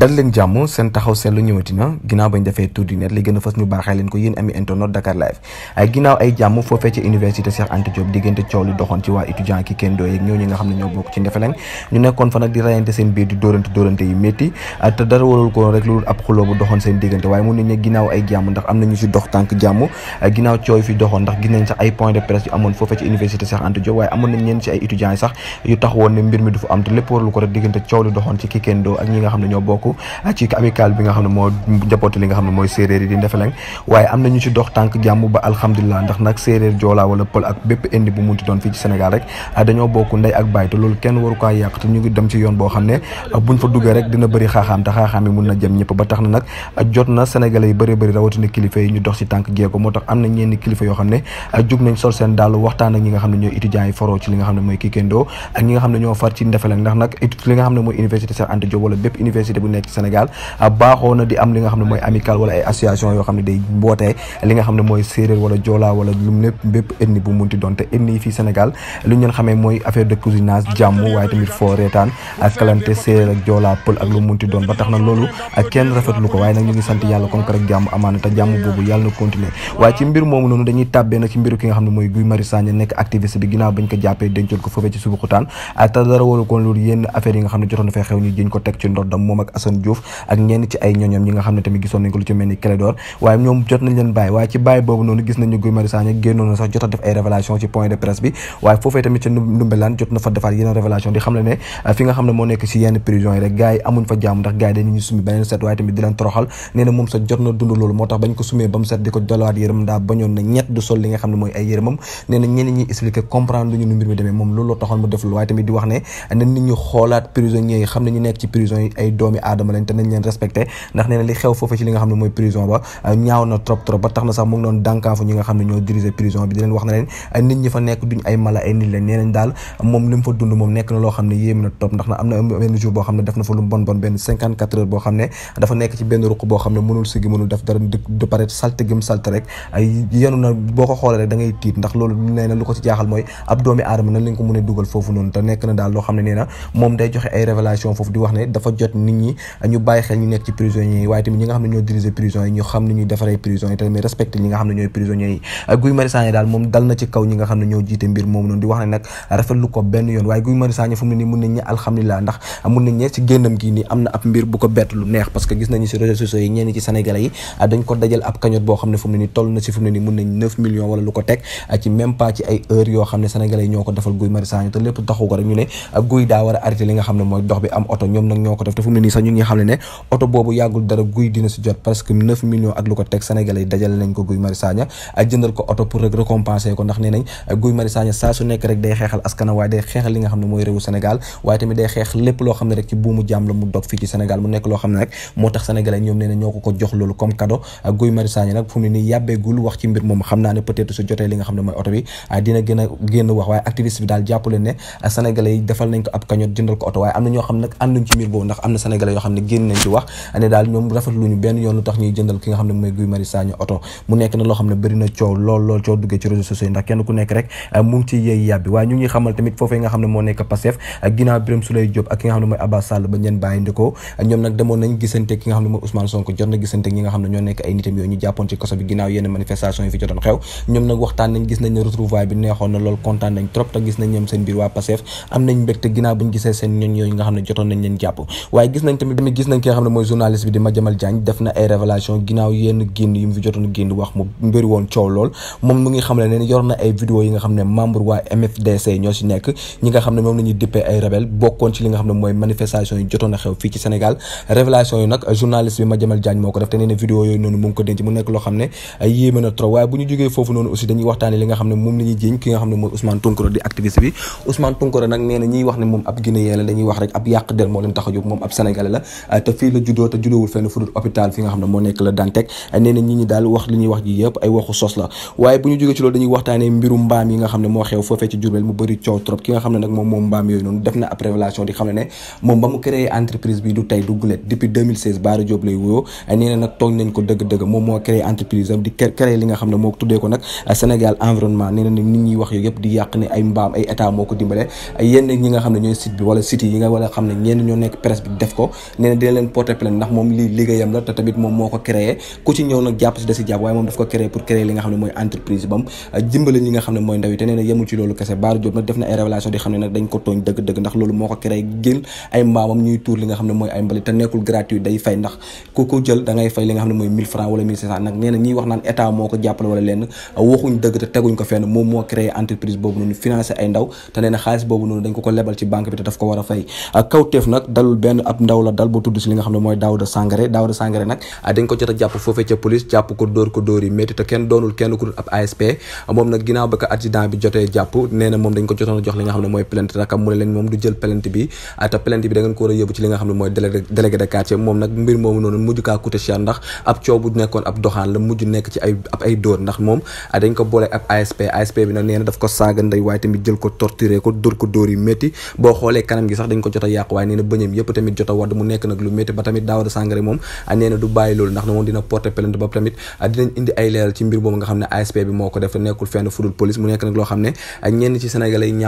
dal leen jàmm seen taxaw seetlu ñëwati ginnaaw bañ defee tour du net li gën a fas ñu baaxee leen ko yéen ami internet Dakar live ginnaaw ay jàmm foofee ci université ñu ah, si dox tànk jàmm ah, ginnaaw coow fi doxoon ndax gis sax ay point de presse yu amoon foofee ci université Cheikh Anta waaye amoon nañ ñeen si ay étudiants sax yu tax woon ne mbir du fa am te lépp warul ko rek diggante coow li doxoon ci ki doo ak nga xam ne ñoo bokk bokk ci amical bi nga xam ne moo jàppoote li nga xam ne mooy séeréer yi di Ndefleng waaye am na ñu ci dox tànk jàmm ba alhamdulilah ndax nag séeréer joolaa wala pël ak bépp indi bu munti doon fii ci Sénégal rek ah, dañoo bokk ndey ak baay te loolu kenn waru kaa yàq te ñu ngi dem ci yoon boo xam ne ah, buñ fa duggee rek dina bëri xaaxaam te xaaxaam yi mun na jëm ñëpp ba tax na nag ah, jot na sénégalais yi bëri bëri rawatina kilifa yi ñu dox ci tànk geeko moo tax am na ñenn kilifa yoo xam ne jug nañ sol seen dàll waxtaan ak ñi nga xam ne ñooy étudiants yi foroo ci li nga xam ne mooy Kikendo ak ñi nga xam ne ñoo far ci Ndefleng ndax nag li nga xam ne mooy université Cheikh Anta Diop wala bépp université bu nekk Sénégal a ah, na di am li xam ne mooy amical wala ay wala lu lépp bépp ethnie bu doon te ethnie yi Sénégal li ñu leen mooy affaire de cousinage jàmm waaye tamit foo ah, nag ñu ngi sant yàlla ci mbir moomu noonu dañuy tàbbee nag ci mbiru ki nga xam ne mooy Guy Marius Sagna nekk activiste bi ginnaaw bañ ko jàppee dencoon ko foofee ci Sébikotane ah, te dara waru koon loolu yenn affaire yi nga xam ne jotoon na fay xew ñu jëñ ko teg ci moom ak Assane Diouf ak ñenn ci ñi nga xam ne mooy ay yërëmam nee na ñi expliqué comprendre ñu nu mbir mi demee moom loolu taxoon mu def lu waaye tamit di wax ne nit ñu xoolaat prisonniers yi xam ne ñu nekk ci prison ay doomi aadama lañ te nañ leen respecté ndax nee na li xew foofu ci li nga xam ne mooy prison ba euh, ñaaw na trop trop ba tax na sax mu ngi doon dànkaafu ñi nga xam ne ñoo diriger prison bi di leen wax na leen euh, nit ñi fa nekk duñ ay mala ay nit lañ nee nañ daal moom li mu fa dund moom nekk na loo xam ne yéem na trop ndax na am na benn jour boo xam ne def na fa lu bon bon benn cinquante quatre heures boo xam ne dafa nekk ci benn ruq boo xam ne mënul sigi mënul def dara de pare salte gëm salte rek ay yenu na boo ko xoolee rek da ngay tiit ndax loolu nee na lu ko ci jaaxal mooy ab doomi aadama nan lañ ko mën a dugal foofu noonu te nekk na daal loo xam ne nee na moom day joxe ay révélation foofu di wax ne dafa jot nit ñi ñu bàyyi xel ñu nekk ci prisonniers yi waaye tamit ñi nga xam ne ñoo diriger prison yi ñu xam euh, ne ñoo defal Guy Marius Sagna te lépp taxu ko rek ñu ne euh, Guy daa war a arrêté li nga xam ne mooy dox bi am oto ñoom nag ñoo ko def te fu ne nii sax ngi xam ne ne oto boobu yàggul dara guy dina si jot parce que neuf millions ak lu ko teg sénégalais yi dajale nañ ko Guy Marius jëndal ko oto waaye day na ñoo xam ne nag ànduñ ci mbir boobu ndax am na sénégalais xam ne génn nañ ci mooy Guy nga xam ne mooy euh, euh, Abbas euh, nañ na gisante bi neexoon na lool kontaan nañ trop te gis nañ ñoom seen biir waa Pastef am nañ mbégte ginnaaw buñ gisee seen ñoñ yooyu nga xam ne jotoon nañ leen jàpp waaye gis nañ tamit bi tamit gis nañ ki nga xam ne mooy journaliste bi di Madiambal Diagne def na ay révélation ginnaaw yenn génn yu mu fi jotoon génn wax mu mbëri woon coow lool moom mu ngi xam ne moom ne mooy manifestation a xew fii ki nga xam ne mooy Ousmane Tounkara di activiste bi Ousmane Tounkara nag nee na wax ne moom ab Guinéen la dañuy wax rek ab yàq der moo leen tax moom ab Sénégalais la euh, te fii la juddoo te juddoowul fenn fu dul hôpital fi nga xam ne moo nekk la Dantec euh, nee na ñi ñi daal wax li ñuy wax ji yëpp ay waxu sos la waaye bu ñu jógee ci loolu dañuy tey du gulet depuis 2016 euh, moo créé entreprise am di créé li nga ko nag Sénégal environnement nee na nit yëpp di yàq ne ay mbaam ay état moo ko dimbale yenn ñi nga xam ne ñooy site bi wala site yi nga wala xam ne ñenn ñoo nekk presse bi def ko nee na dina leen porter plainte ndax moom lii liggéeyam la te tamit moom moo ko créé ku ci ñëw nag jàpp si daf ko créé pour créer xam ne mooy entreprise bam jimbale euh, ñi moo ko créé génn ay mbaamam ñuy tuur li nga xam ne euh, boobu noonu ko ko lebal ci banque bi a fay euh, nag dalul benn ab ndaw la dal ba tudd si li nga xam ne mooy Daouda ah, a jàpp foofee a jox nag ah, da ngeen ay ah, dañ ko boole ak ASP ASP bi nag nee na daf ko saaga ndey waaye tamit jël ko torturé ko dóor ko dóor yi métti boo xoolee kanam gi sax dañ ko jot a yàqu waaye nee bëñam yëpp tamit jot a wadd nekk nag lu métti ba tamit Daouda Sangaré moom ah, nee na du bàyyi loolu ndax na moom dina porter plainte ba tamit ah, dinañ indi ay leeral ci mbir ne ASP bi moo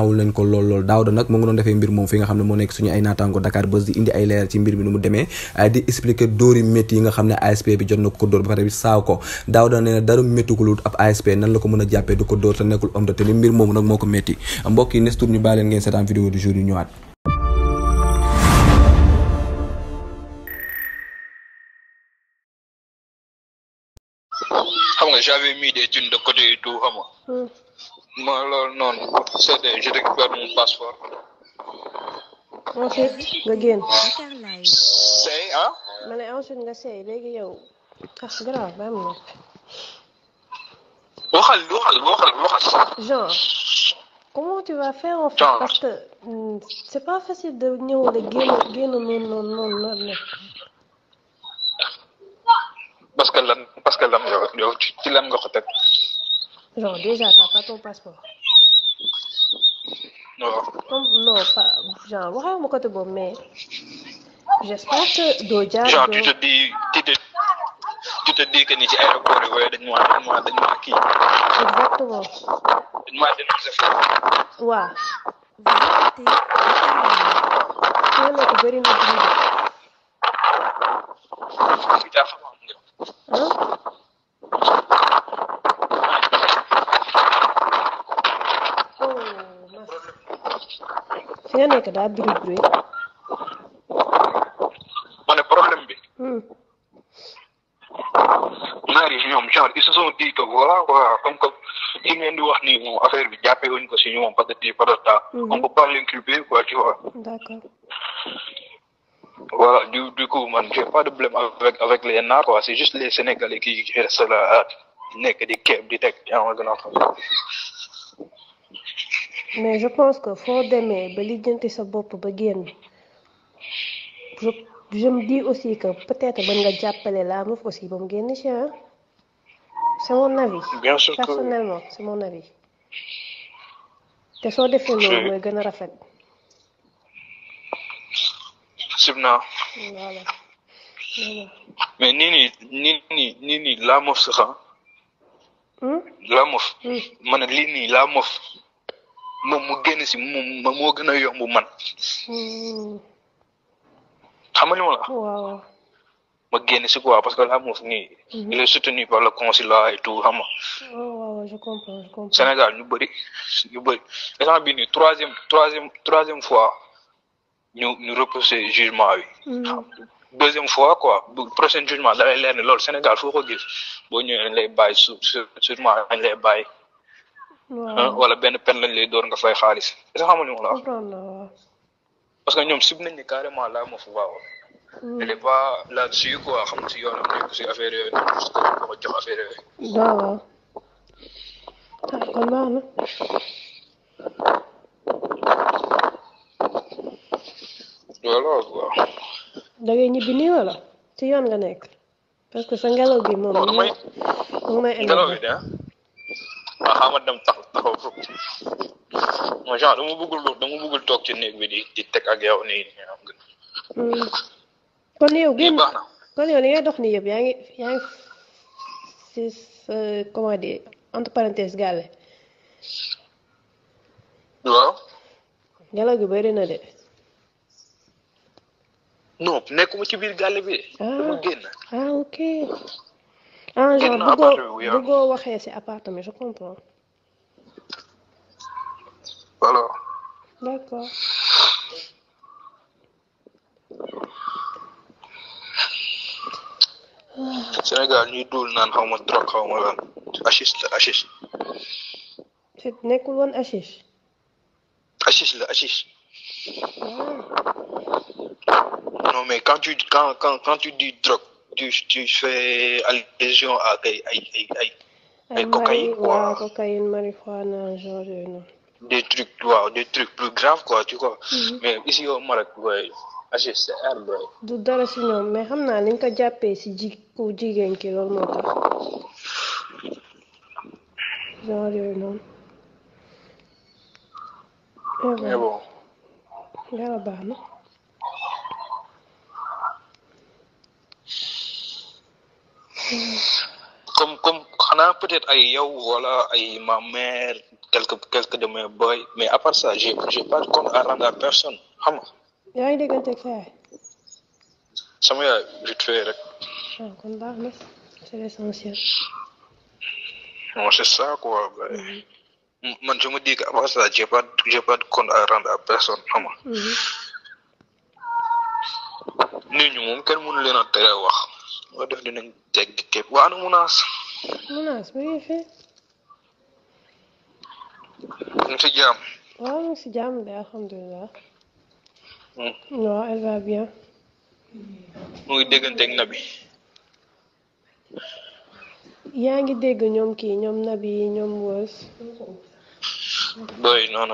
ah, lool lool Daouda nag mu ngi doon defee mbir moom fi nga xam ne moo nekk suñu ay naataango Dakar Buzz di indi ay leeral bi jot na ko dóor ba pare bi saaw ko Daouda nee na dara métti ko lu ab nan la ko mën a jàppee du ko dóor te nekkul homme de tenue mbir moomu nag moo ko métti mbokk yi nes ñu bàyyi leen ngeen seetaan vidéo du jour yu ñëwaat j'avais mis des thunes de côté et tout xam nga. Hmm. ma loolu noonu c'était je récupère mon passeport. ensuite nga génn. sey ah. ma ne ensuite nga sey léegi yow. ah garaaw ba mu nekk. waxal waxal waxal waxal. comment tu vas faire en fait parce hmm, c'est pas facile de ñëw de génn génn noonu noonu noonu noonu. parce que lan parce que lan ci lan nga ko teg. non déjà t'as pas ton passeport. non. comme non pas genre waxal ma côté boobu mais j'espère tu te dis tu te tu te dis ni ci aéroport yi wala dañu maa dañu maa exactement. dañu maa dénoncé foofu. waaw. bu bëri tey. xëy na fi nekk daa biri bruit. ma ne problème bi. Hmm. naar yi ñoom genre ils se sont dit voilà quoi comme que li ngeen di wax nii moom affaire bi jàppee wuñ ko si ñoom patati patata. Hmm. on peut pas l'inculper quoi tu vois. d'accord. voilà du du coup man j'ai pas de problème avec avec les naar quoi c'est juste les sénégalais qui restent là nekk di kéem di teg yaa ngi gën a xam. mais je pense que foo demee ba lijjanti sa bopp ba génn je je me aussi que peut-être mën nga jàppale la moom aussi ba mu génn ci ah mon avis. personnellement c'est mon avis. te soo defee loolu mooy gën a rafet. sib mais nii nii nii nii nii nii mof sax ah. laa mof. ma ne lii nii laa mof. moom mu génn si moom ma moo gën a yomb man. xam nga li ma la ma génn si quoi parce que la moom nii. il est soutenu par le consulat et tout xam nga. Oh, Sénégal ñu bëri ñu bëri instant bii nii troisième troisième fois ñu ñu repousser jugement bi. Mm-hmm. deuxième fois quoi bu prochain jugement da lay leer ne loolu Sénégal foo ko gis boo ñëwee dañ lay bàyyi su sûrement dañ lay bàyyi. wala benn pen lañ lay nga fay xaalis est parce que ñoom sib nañ ni carrément laa ma fu waaw hmm. elle est pas là-dessus quoi xam si yoonam nekk si affaire yooyu noonu waaw waaw waaw. da ñibbi nii wala si yoon nga nekk parce que sa ngelaw gi moom. waaw damay ngelaw gi de waaw xam nga dem tax taxaw mooy genre dama bëggul toog ci néeg bi di teg ak yow nii hmm. kon yow ngay dox nii yëpp yaa ngi yaa ngi si comment dire entre parenthèse gàlle. gi bëri na de. non nekkuma ci biir gàlle bi ah. dama génn. ah ok. ah genre bëggoo bëggoo waxee ci appartement je comprends. voilà. d'accord. Sénégal ñuy duul naan xaw ma trop xaw ma lan achis la achis. te nekkul woon achis. achis la achis. Ah. non mais quand tu quand quand tu tu fais allusion à ay marijuana genre yooyu des trucs waaw plus graves quoi tu vois. Mm-hmm. mais ici au Maroc booy HCR booy. du dara si ñoom mais xam naa niñ ko jàppee si ji ku jigéen ki loolu moo tax genre yooyu noonu. Eh mais bon. yàlla baax na. comme comme xanaa peut-être ay yow wala ay ma mère quelque quelque de mes boy mais à part ça j'ai j'ai pas de compte personne xam nga. yaa ngi déggante ak sa yaay. rek. Ah, c'est l'essentiel. bon c'est ça quoi. Mm-hmm. man je me dis que ça j'ai pas j'ai pas de compte à personne xam nga. Mm-hmm. nit ñi kenn mënu leen a tere wax. nga def dinañ teg képp waa ana munaas munaas mu ngi fi ñu si jaam waaw ñu si jaam de alhamdulilah hmm. waaw elle va bien mu ngi dégganteeg nabi yaa ngi dégg ñoom kii ñoom nabi ñoom wës doy non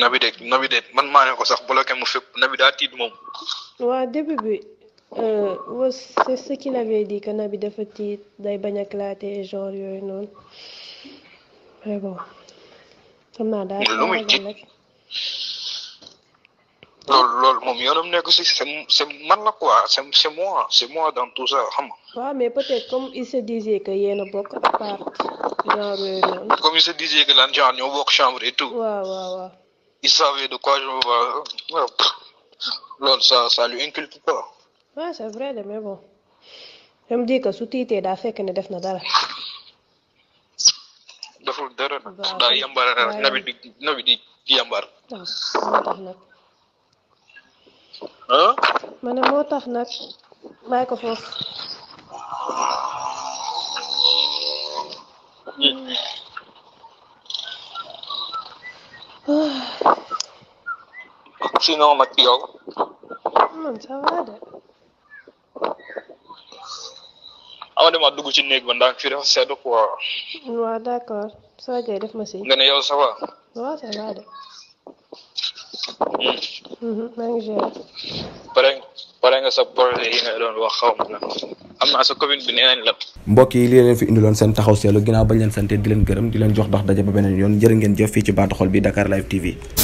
nabi de nabi de man maa ko sax bloqué mu fépp nabi daa tiit moom waa début bi was euh, c'est ce qu'il avait dit que bi dafa tiit day bañ a claté genre yooyu noonu mais bon xam naa daal moom yoonam nekk si c'est man la quoi c'est c'est moi c'est moi dans tout ça xam nga. mais peut-être comme il se disait que yéen a bokk appart genre yooyu noonu. comme il se disait que lan genre ñoo bokk tout. waaw waaw waaw. il savait de quoi je me loolu ça ça lui inculque quoi. waaw c'est vrai de mais bon je me dis su tiitee daa fekk ne def na dara. deful dara ah, nag daa yambar nabi nag. ah. moo tax nag bàyyi ko foofu. sinong Mateo. Hmm, ça va de. ama dama dugg ci néeg ba ndax fii dafa sedd quoi. waaw d' accord soo jëlee def ma si. nga ne yow ça va. waaw ça va de. Hmm. Mhm, maa ngi géré. pare pare nga sa projet yi nga doon wax xaw ma la am naa sa commune bi nee la. mbokk yi lii leen fi indiloon seen taxaw seetlu ginnaaw bañ leen sante di leen gërëm di leen jox dox daje ba beneen yoon jërë ngeen jëf fii ci baatu xol bi Dakar Live TV.